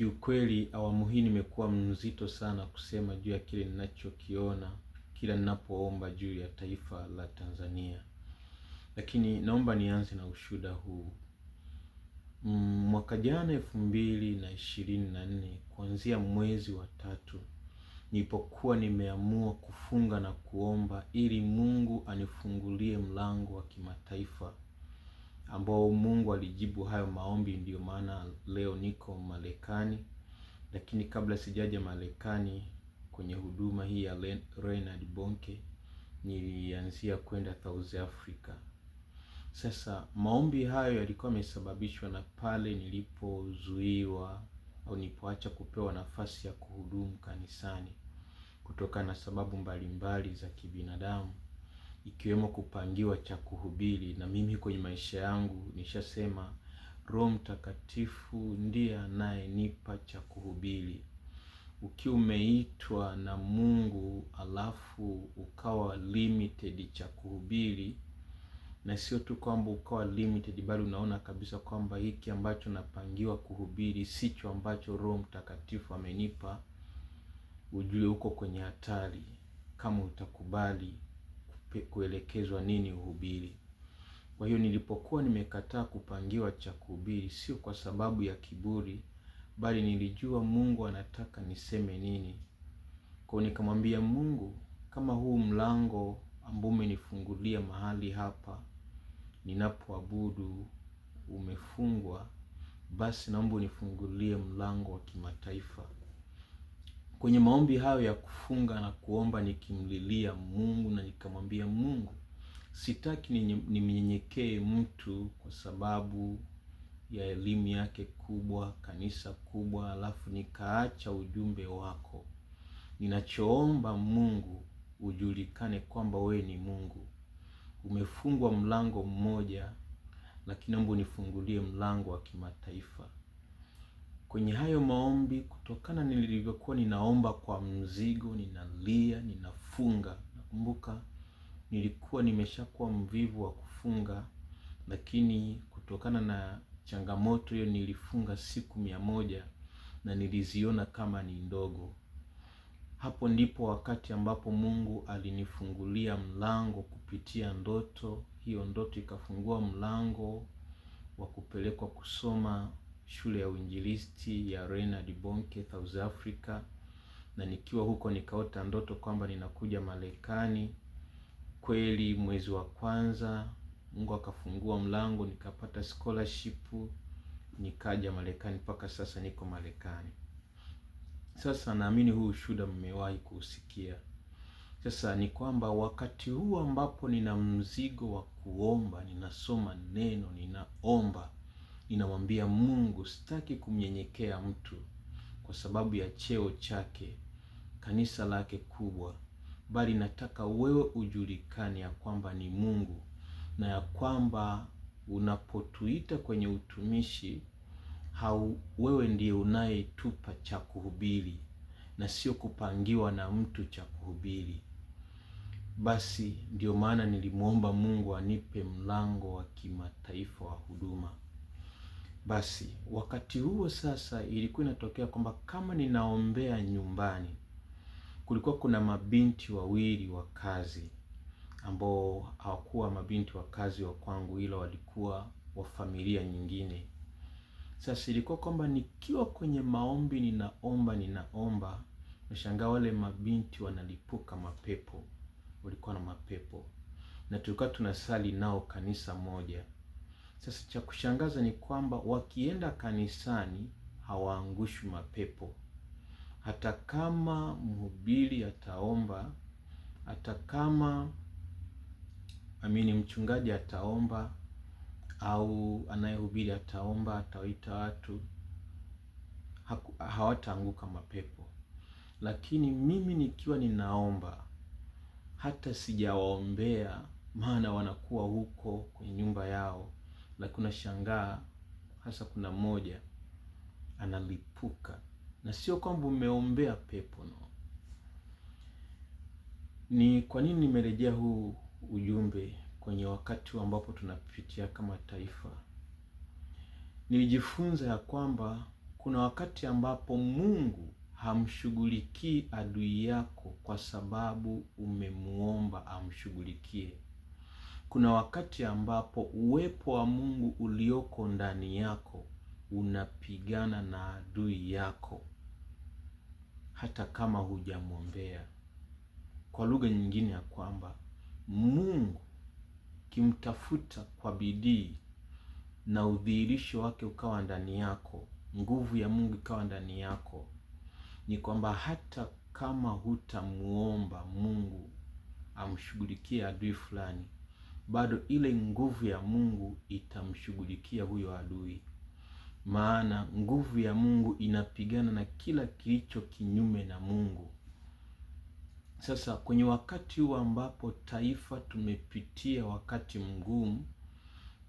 Kiukweli awamu hii nimekuwa mzito sana kusema juu ya kile ninachokiona kila ninapoomba juu ya taifa la Tanzania, lakini naomba nianze na ushuhuda huu. Mm, mwaka jana elfu mbili na ishirini na nne kuanzia mwezi wa tatu nilipokuwa nimeamua kufunga na kuomba ili Mungu anifungulie mlango wa kimataifa ambao Mungu alijibu hayo maombi, ndiyo maana leo niko Marekani. Lakini kabla sijaja Marekani kwenye huduma hii ya Renard Bonke, nilianzia kwenda South Africa. Sasa maombi hayo yalikuwa yamesababishwa na pale nilipozuiwa au nilipoacha kupewa nafasi ya kuhudumu kanisani kutokana na sababu mbalimbali za kibinadamu ikiwemo kupangiwa cha kuhubiri. Na mimi kwenye maisha yangu nishasema Roho Mtakatifu ndiye anayenipa cha kuhubiri. Ukiwa umeitwa na Mungu alafu ukawa limited cha kuhubiri, na sio tu kwamba ukawa limited, bali unaona kabisa kwamba hiki ambacho napangiwa kuhubiri sicho ambacho Roho Mtakatifu amenipa, ujue uko kwenye hatari kama utakubali kuelekezwa nini uhubiri. Kwa hiyo nilipokuwa nimekataa kupangiwa cha kuhubiri, sio kwa sababu ya kiburi, bali nilijua Mungu anataka niseme nini. Kwa hiyo nikamwambia Mungu, kama huu mlango ambao umenifungulia mahali hapa ninapoabudu umefungwa, basi naomba unifungulie mlango wa kimataifa Kwenye maombi hayo ya kufunga na kuomba, nikimlilia Mungu na nikamwambia Mungu, sitaki nimnyenyekee mtu kwa sababu ya elimu yake kubwa, kanisa kubwa, alafu nikaacha ujumbe wako. Ninachoomba Mungu, ujulikane kwamba wewe ni Mungu. Umefungwa mlango mmoja, lakini naomba unifungulie mlango wa kimataifa kwenye hayo maombi, kutokana nilivyokuwa ninaomba kwa mzigo, ninalia, ninafunga. Nakumbuka nilikuwa nimeshakuwa mvivu wa kufunga, lakini kutokana na changamoto hiyo nilifunga siku mia moja na niliziona kama ni ndogo. Hapo ndipo wakati ambapo Mungu alinifungulia mlango kupitia ndoto. Hiyo ndoto ikafungua mlango wa kupelekwa kusoma shule ya uinjilisti ya Renard Bonke South Africa, na nikiwa huko nikaota ndoto kwamba ninakuja Marekani. Kweli mwezi wa kwanza Mungu akafungua mlango, nikapata scholarship nikaja Marekani, mpaka sasa niko Marekani. Sasa naamini huu shuda mmewahi kuusikia. Sasa ni kwamba wakati huu ambapo nina mzigo wa kuomba, ninasoma neno, ninaomba inamwambia Mungu, sitaki kumnyenyekea mtu kwa sababu ya cheo chake, kanisa lake kubwa, bali nataka wewe ujulikane ya kwamba ni Mungu na ya kwamba unapotuita kwenye utumishi hau, wewe ndiye unayetupa cha kuhubiri na sio kupangiwa na mtu cha kuhubiri. Basi ndio maana nilimwomba Mungu anipe mlango wa kimataifa wa huduma. Basi wakati huo sasa, ilikuwa inatokea kwamba kama ninaombea nyumbani, kulikuwa kuna mabinti wawili wa kazi ambao hawakuwa mabinti wa kazi wa kwangu, ila walikuwa wa familia nyingine. Sasa ilikuwa kwamba nikiwa kwenye maombi, ninaomba ninaomba, nashangaa wale mabinti wanalipuka mapepo, walikuwa na mapepo, na tulikuwa tunasali nao kanisa moja. Sasa cha kushangaza ni kwamba wakienda kanisani hawaangushwi mapepo, hata kama mhubiri ataomba, hata kama amini mchungaji ataomba au anayehubiri ataomba, atawaita watu, hawataanguka mapepo. Lakini mimi nikiwa ninaomba hata sijawaombea, maana wanakuwa huko kwenye nyumba yao lakini unashangaa hasa kuna mmoja analipuka, na sio kwamba umeombea pepo, no. Ni kwa nini nimerejea huu ujumbe kwenye wakati ambapo tunapitia kama taifa? Nilijifunza ya kwamba kuna wakati ambapo Mungu hamshughulikii adui yako kwa sababu umemuomba amshughulikie. Kuna wakati ambapo uwepo wa Mungu ulioko ndani yako unapigana na adui yako hata kama hujamwombea. Kwa lugha nyingine ya kwamba Mungu kimtafuta kwa bidii na udhihirisho wake ukawa ndani yako, nguvu ya Mungu ikawa ndani yako, ni kwamba hata kama hutamuomba Mungu amshughulikie adui fulani, bado ile nguvu ya Mungu itamshughulikia huyo adui, maana nguvu ya Mungu inapigana na kila kilicho kinyume na Mungu. Sasa kwenye wakati huu ambapo taifa tumepitia wakati mgumu,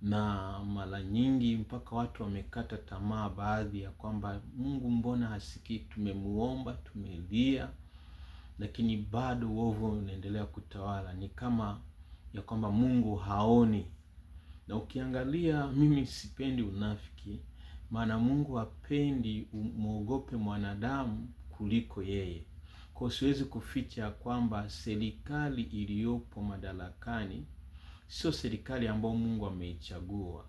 na mara nyingi mpaka watu wamekata tamaa, baadhi ya kwamba Mungu mbona hasikii? Tumemuomba, tumelia, lakini bado uovu unaendelea kutawala. Ni kama ya kwamba Mungu haoni. Na ukiangalia, mimi sipendi unafiki, maana Mungu hapendi umwogope mwanadamu kuliko yeye. Kwa siwezi kuficha kwamba serikali iliyopo madarakani sio serikali ambayo Mungu ameichagua,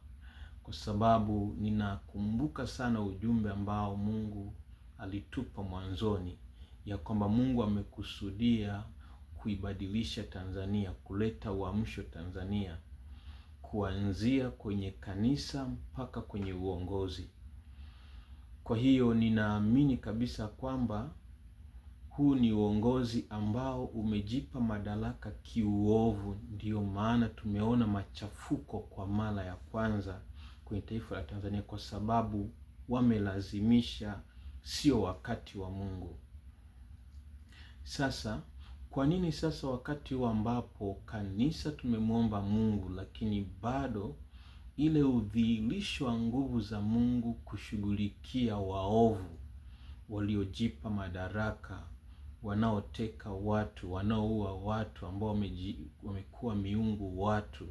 kwa sababu ninakumbuka sana ujumbe ambao Mungu alitupa mwanzoni ya kwamba Mungu amekusudia kuibadilisha Tanzania, kuleta uamsho Tanzania, kuanzia kwenye kanisa mpaka kwenye uongozi. Kwa hiyo ninaamini kabisa kwamba huu ni uongozi ambao umejipa madaraka kiuovu. Ndiyo maana tumeona machafuko kwa mara ya kwanza kwenye taifa la Tanzania, kwa sababu wamelazimisha, sio wakati wa Mungu. Sasa kwa nini sasa wakati huu ambapo kanisa tumemwomba Mungu, lakini bado ile udhihirisho wa nguvu za Mungu kushughulikia waovu waliojipa madaraka, wanaoteka watu, wanaoua watu, ambao wamekuwa miungu watu,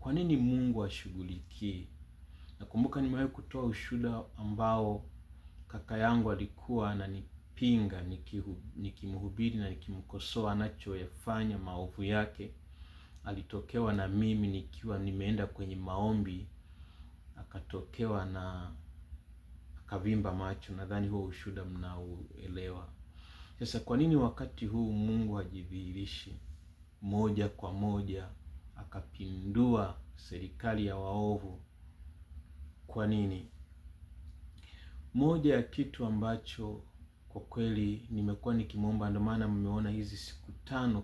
kwa nini Mungu ashughulikie? Nakumbuka nimewahi kutoa ushuhuda ambao kaka yangu alikuwa ananipa nikimpinga, nikimhubiri na nikimkosoa anachoyafanya maovu yake. Alitokewa na mimi nikiwa nimeenda kwenye maombi, akatokewa na akavimba macho. Nadhani huo ushuhuda mnauelewa. Sasa kwa nini wakati huu Mungu hajidhihirishi moja kwa moja akapindua serikali ya waovu? Kwa nini? Moja ya kitu ambacho kwa kweli nimekuwa nikimwomba, ndio maana mmeona hizi siku tano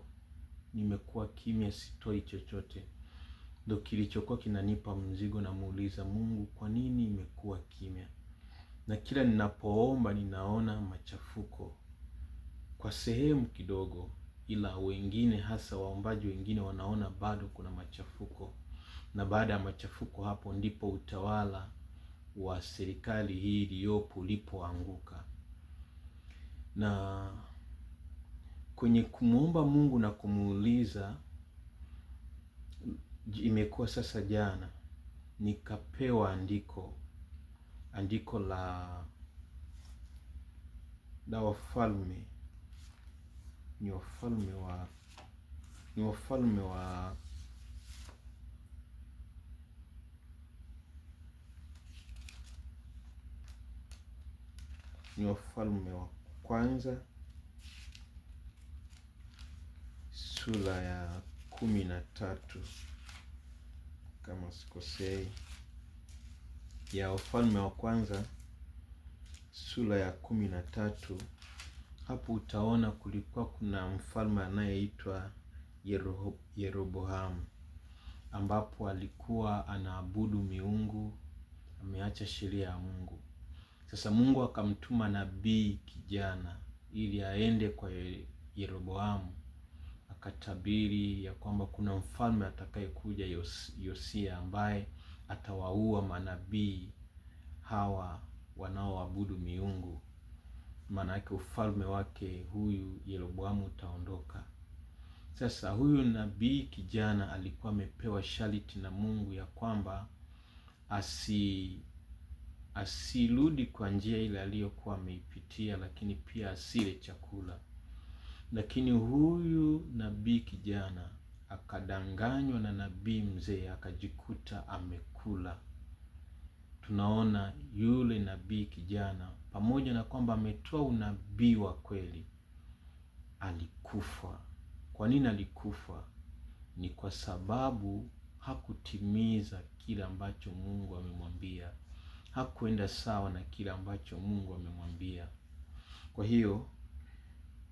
nimekuwa kimya, sitoi chochote. Ndio kilichokuwa kinanipa mzigo, namuuliza Mungu, kwa nini imekuwa kimya? Na kila ninapoomba ninaona machafuko kwa sehemu kidogo, ila wengine, hasa waombaji wengine, wanaona bado kuna machafuko, na baada ya machafuko, hapo ndipo utawala wa serikali hii iliyopo ulipoanguka na kwenye kumwomba Mungu na kumuuliza, imekuwa sasa jana nikapewa andiko, andiko la la wafalme, ni wafalme wa ni wafalme wa ni wafalme wa kwanza sura ya kumi na tatu kama sikosei, ya ufalme wa Kwanza sura ya kumi na tatu. Hapo utaona kulikuwa kuna mfalme anayeitwa yeroboham Yeroboamu ambapo alikuwa anaabudu miungu, ameacha sheria ya Mungu. Sasa Mungu akamtuma nabii kijana ili aende kwa Yeroboamu akatabiri ya kwamba kuna mfalme atakayekuja Yosia, ambaye atawaua manabii hawa wanaoabudu miungu. Maana yake ufalme wake huyu Yeroboamu utaondoka. Sasa huyu nabii kijana alikuwa amepewa shariti na Mungu ya kwamba asi asirudi kwa njia ile aliyokuwa ameipitia, lakini pia asile chakula. Lakini huyu nabii kijana akadanganywa na nabii mzee, akajikuta amekula. Tunaona yule nabii kijana, pamoja na kwamba ametoa unabii wa kweli, alikufa. Kwa nini alikufa? Ni kwa sababu hakutimiza kile ambacho Mungu amemwambia hakuenda sawa na kile ambacho Mungu amemwambia. Kwa hiyo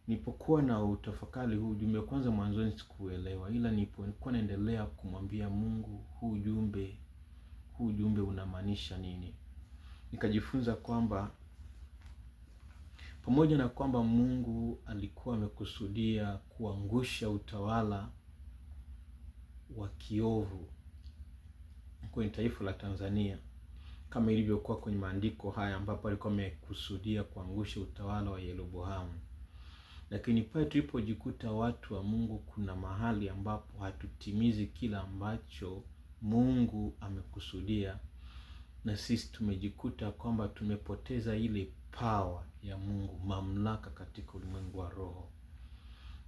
nipokuwa na utafakari huu ujumbe, kwanza mwanzoni sikuelewa, ila nipokuwa naendelea kumwambia Mungu huu ujumbe, huu ujumbe unamaanisha nini, nikajifunza kwamba pamoja na kwamba Mungu alikuwa amekusudia kuangusha utawala wa kiovu kwenye taifa la Tanzania, kama ilivyokuwa kwenye maandiko haya ambapo alikuwa amekusudia kuangusha utawala wa Yeroboamu. Lakini pale tulipojikuta watu wa Mungu, kuna mahali ambapo hatutimizi kila ambacho Mungu amekusudia, na sisi tumejikuta kwamba tumepoteza ile pawa ya Mungu, mamlaka katika ulimwengu wa roho.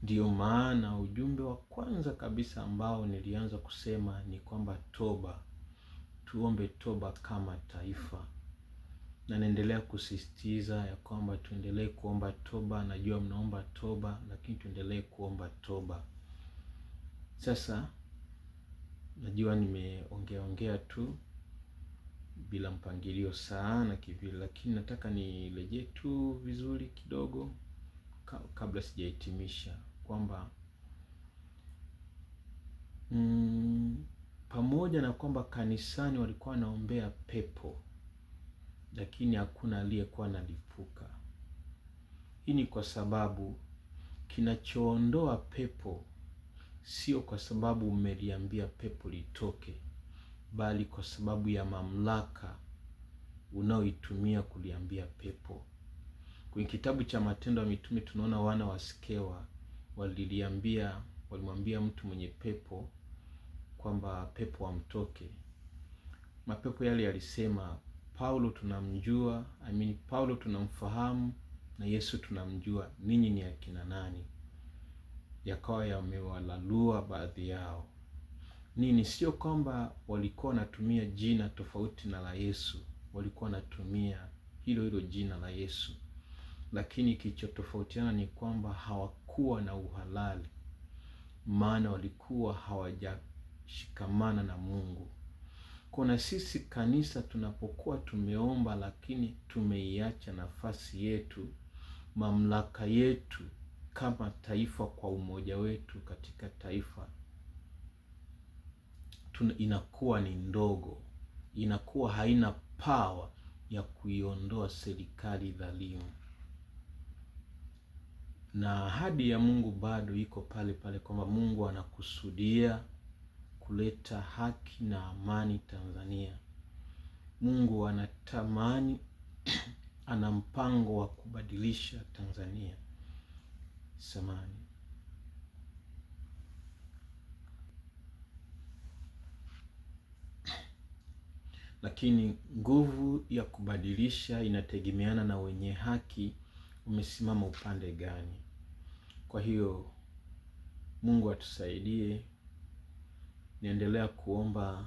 Ndiyo maana ujumbe wa kwanza kabisa ambao nilianza kusema ni kwamba toba tuombe toba kama taifa, na naendelea kusisitiza ya kwamba tuendelee kuomba toba. Najua mnaomba toba, lakini tuendelee kuomba toba. Sasa najua nimeongeaongea tu bila mpangilio sana kivile, lakini nataka nirejee tu vizuri kidogo kabla sijahitimisha kwamba mm, pamoja na kwamba kanisani walikuwa wanaombea pepo, lakini hakuna aliyekuwa analipuka. Hii ni kwa sababu kinachoondoa pepo sio kwa sababu umeliambia pepo litoke, bali kwa sababu ya mamlaka unaoitumia kuliambia pepo. Kwenye kitabu cha Matendo ya Mitume tunaona wana wa Skewa waliliambia, walimwambia mtu mwenye pepo kwamba pepo amtoke. Mapepo yale yalisema, Paulo tunamjua, I mean, Paulo tunamfahamu na Yesu tunamjua, ninyi ni akina nani? Yakawa yamewalalua baadhi yao. Nini? Sio kwamba walikuwa wanatumia jina tofauti na la Yesu, walikuwa wanatumia hilo hilo jina la Yesu, lakini kilichotofautiana ni kwamba hawakuwa na uhalali, maana walikuwa hawaja shikamana na Mungu. Kuna sisi kanisa tunapokuwa tumeomba lakini tumeiacha nafasi yetu, mamlaka yetu kama taifa kwa umoja wetu katika taifa tuna, inakuwa ni ndogo, inakuwa haina pawa ya kuiondoa serikali dhalimu, na ahadi ya Mungu bado iko pale pale kwamba Mungu anakusudia kuleta haki na amani Tanzania. Mungu anatamani ana mpango wa kubadilisha Tanzania. Samani. Lakini nguvu ya kubadilisha inategemeana na wenye haki umesimama upande gani. Kwa hiyo Mungu atusaidie naendelea kuomba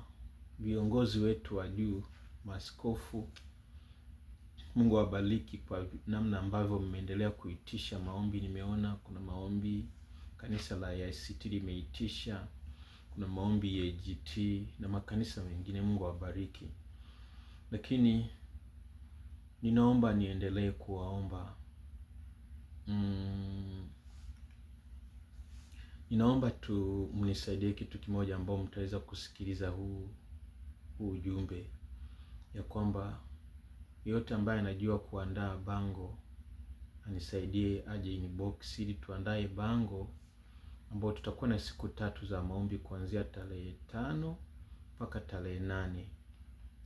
viongozi wetu wa juu, maskofu Mungu awabariki kwa namna ambavyo mmeendelea kuitisha maombi. Nimeona kuna maombi kanisa la ICT limeitisha, kuna maombi ya GT na makanisa mengine. Mungu awabariki. Lakini ninaomba niendelee kuwaomba mm, ninaomba tu mnisaidie kitu kimoja, ambao mtaweza kusikiliza huu huu ujumbe, ya kwamba yote ambaye anajua kuandaa bango anisaidie aje inbox, ili tuandae bango ambao tutakuwa na siku tatu za maombi kuanzia tarehe tano mpaka tarehe nane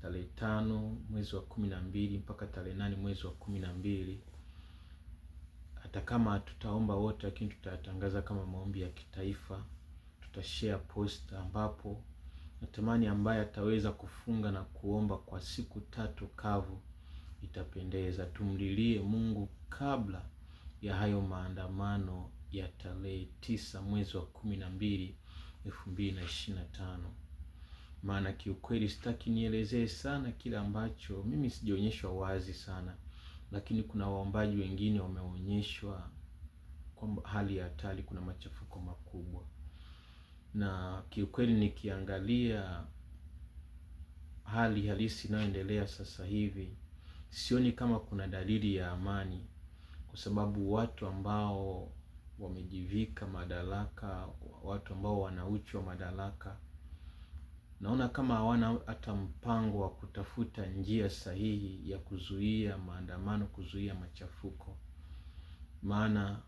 tarehe tano mwezi wa kumi na mbili mpaka tarehe nane mwezi wa kumi na mbili hata kama tutaomba wote, lakini tutayatangaza kama maombi ya kitaifa. Tutashare post ambapo natamani ambaye ataweza kufunga na kuomba kwa siku tatu kavu itapendeza. Tumlilie Mungu kabla ya hayo maandamano ya tarehe tisa mwezi wa kumi na mbili elfu mbili na ishirini na tano. Maana kiukweli sitaki nielezee sana kile ambacho mimi sijaonyeshwa wazi sana lakini kuna waombaji wengine wameonyeshwa kwamba hali ya hatari, kuna machafuko makubwa, na kiukweli nikiangalia hali halisi inayoendelea sasa hivi sioni kama kuna dalili ya amani, kwa sababu watu ambao wamejivika madaraka, watu ambao wanauchwa madaraka naona kama hawana hata mpango wa kutafuta njia sahihi ya kuzuia maandamano, kuzuia machafuko, maana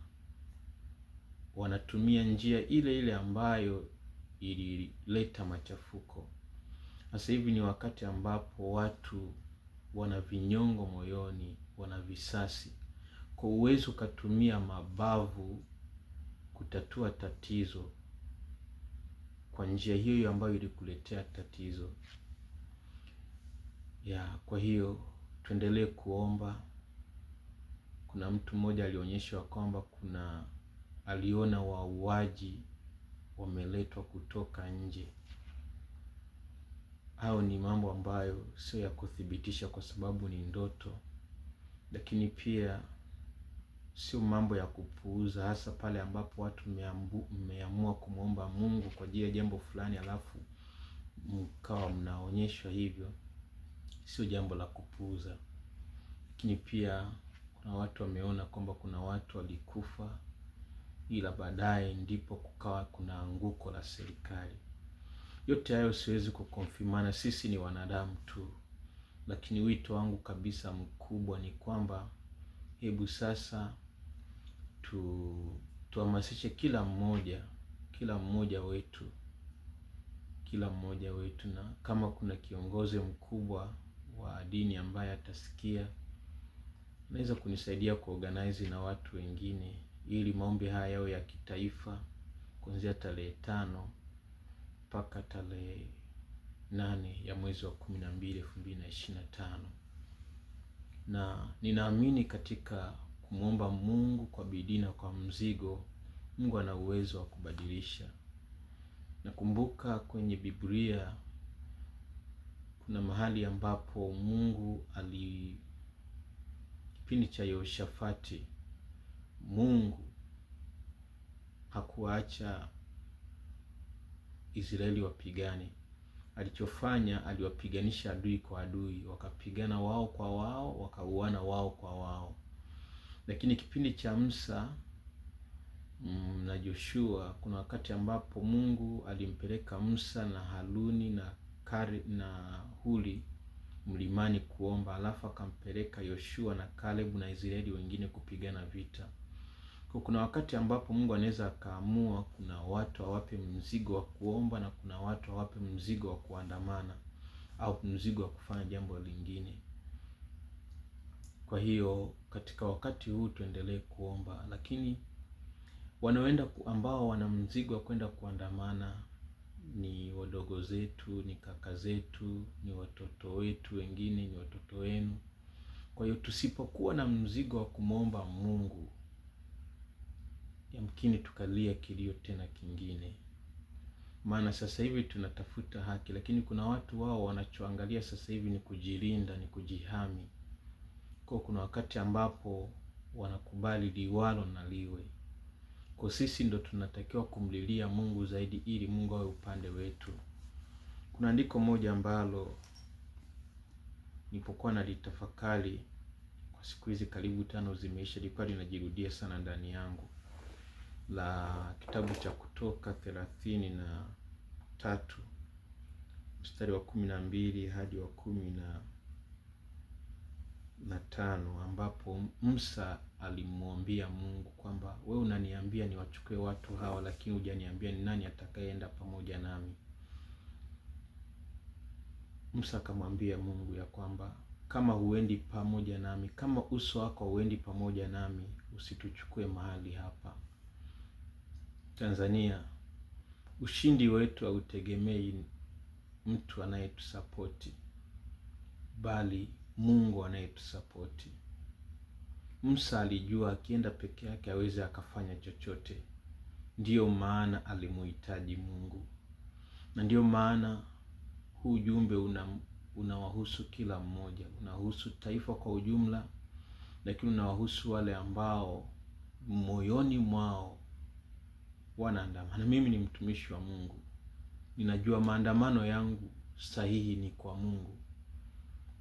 wanatumia njia ile ile ambayo ilileta machafuko. Sasa hivi ni wakati ambapo watu wana vinyongo moyoni, wana visasi, kwa uwezo ukatumia mabavu kutatua tatizo kwa njia hiyo ambayo ilikuletea tatizo. Ya, kwa hiyo tuendelee kuomba. Kuna mtu mmoja alionyeshwa kwamba kuna aliona wauaji wameletwa kutoka nje. Hayo ni mambo ambayo sio ya kuthibitisha kwa sababu ni ndoto, lakini pia sio mambo ya kupuuza, hasa pale ambapo watu mmeamua kumwomba Mungu kwa ajili ya jambo fulani, alafu mkawa mnaonyeshwa hivyo, sio jambo la kupuuza. Lakini pia kuna watu wameona kwamba kuna watu walikufa, ila baadaye ndipo kukawa kuna anguko la serikali. Yote hayo siwezi kukonfirmana, sisi ni wanadamu tu, lakini wito wangu kabisa mkubwa ni kwamba hebu sasa tu tuhamasishe kila mmoja kila mmoja wetu kila mmoja wetu, na kama kuna kiongozi mkubwa wa dini ambaye atasikia, anaweza kunisaidia kuorganize na watu wengine, ili maombi haya yao ya kitaifa kuanzia tarehe tano mpaka tarehe nane ya mwezi wa kumi na mbili elfu mbili na ishirini na tano na ninaamini katika kumwomba Mungu kwa bidii na kwa mzigo, Mungu ana uwezo wa kubadilisha. Nakumbuka kwenye Biblia kuna mahali ambapo Mungu ali kipindi cha Yehoshafati, Mungu hakuacha Israeli wapigane. Alichofanya, aliwapiganisha adui kwa adui, wakapigana wao kwa wao, wakauana wao kwa wao. Lakini kipindi cha Musa mm, na Joshua, kuna wakati ambapo Mungu alimpeleka Musa na Haruni na Kare, na Huri mlimani kuomba, alafu akampeleka Yoshua na Kalebu na Israeli wengine kupigana vita. Kwa kuna wakati ambapo Mungu anaweza akaamua kuna watu awape mzigo wa kuomba na kuna watu awape mzigo wa kuandamana au mzigo wa kufanya jambo lingine. Kwa hiyo katika wakati huu tuendelee kuomba, lakini wanaoenda ambao wana mzigo wa kwenda kuandamana ni wadogo zetu, ni kaka zetu, ni watoto wetu, wengine ni watoto wenu. Kwa hiyo tusipokuwa na mzigo wa kumwomba Mungu, yamkini tukalia kilio tena kingine, maana sasa hivi tunatafuta haki, lakini kuna watu wao wanachoangalia sasa hivi ni kujilinda, ni kujihami. Kwa kuna wakati ambapo wanakubali liwalo na liwe. Kwa sisi ndo tunatakiwa kumlilia Mungu zaidi ili Mungu awe upande wetu. Kuna andiko moja ambalo nilipokuwa nalitafakari kwa siku hizi karibu tano zimeisha, lilikuwa linajirudia sana ndani yangu, la kitabu cha Kutoka thelathini na tatu mstari wa kumi na mbili hadi wa kumi na na tano ambapo Musa alimwambia Mungu kwamba we unaniambia niwachukue watu hawa, lakini hujaniambia ni nani atakayeenda pamoja nami. Musa akamwambia Mungu ya kwamba kama huendi pamoja nami, kama uso wako huendi pamoja nami, usituchukue mahali hapa. Tanzania, ushindi wetu hautegemei mtu anayetusapoti bali Mungu anayetusapoti. Musa alijua akienda peke yake aweze akafanya chochote, ndiyo maana alimuhitaji Mungu, na ndiyo maana huu ujumbe una unawahusu kila mmoja, unahusu taifa kwa ujumla, lakini unawahusu wale ambao moyoni mwao wanaandamana. Mimi ni mtumishi wa Mungu, ninajua maandamano yangu sahihi ni kwa Mungu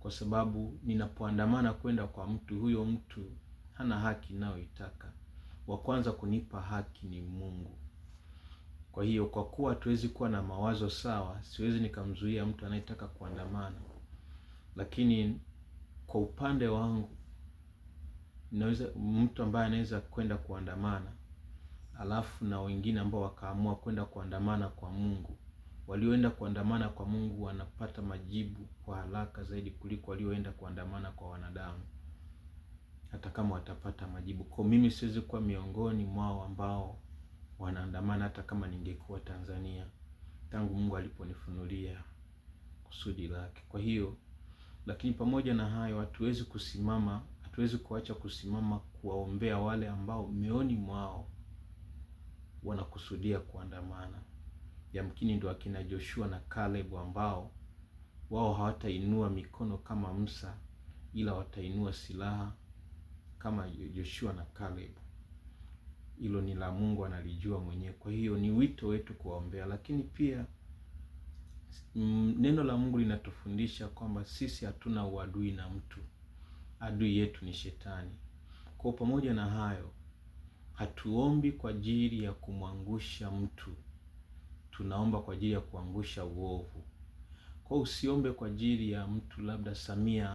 kwa sababu ninapoandamana kwenda kwa mtu, huyo mtu hana haki ninayoitaka. Wa kwanza kunipa haki ni Mungu. Kwa hiyo kwa kuwa hatuwezi kuwa na mawazo sawa, siwezi nikamzuia mtu anayetaka kuandamana, lakini kwa upande wangu naweza mtu ambaye anaweza kwenda kuandamana alafu na wengine ambao wakaamua kwenda kuandamana kwa Mungu, walioenda kuandamana kwa Mungu wanapata majibu kwa haraka zaidi kuliko walioenda kuandamana kwa wanadamu, hata kama watapata majibu. Kwa mimi siwezi kuwa miongoni mwao ambao wanaandamana, hata kama ningekuwa Tanzania, tangu Mungu aliponifunulia kusudi lake. Kwa hiyo, lakini pamoja na hayo, hatuwezi kusimama, hatuwezi kuacha kusimama kuwaombea wale ambao mioni mwao wanakusudia kuandamana yamkini ndo akina Joshua na Caleb ambao wao hawatainua mikono kama Musa, ila watainua silaha kama Joshua na Caleb. Hilo ni la Mungu analijua mwenyewe. Kwa hiyo ni wito wetu kuwaombea, lakini pia mm, neno la Mungu linatufundisha kwamba sisi hatuna uadui na mtu, adui yetu ni Shetani. Kwa pamoja na hayo, hatuombi kwa ajili ya kumwangusha mtu tunaomba kwa ajili ya kuangusha uovu. Kwa usiombe kwa ajili ya mtu labda Samia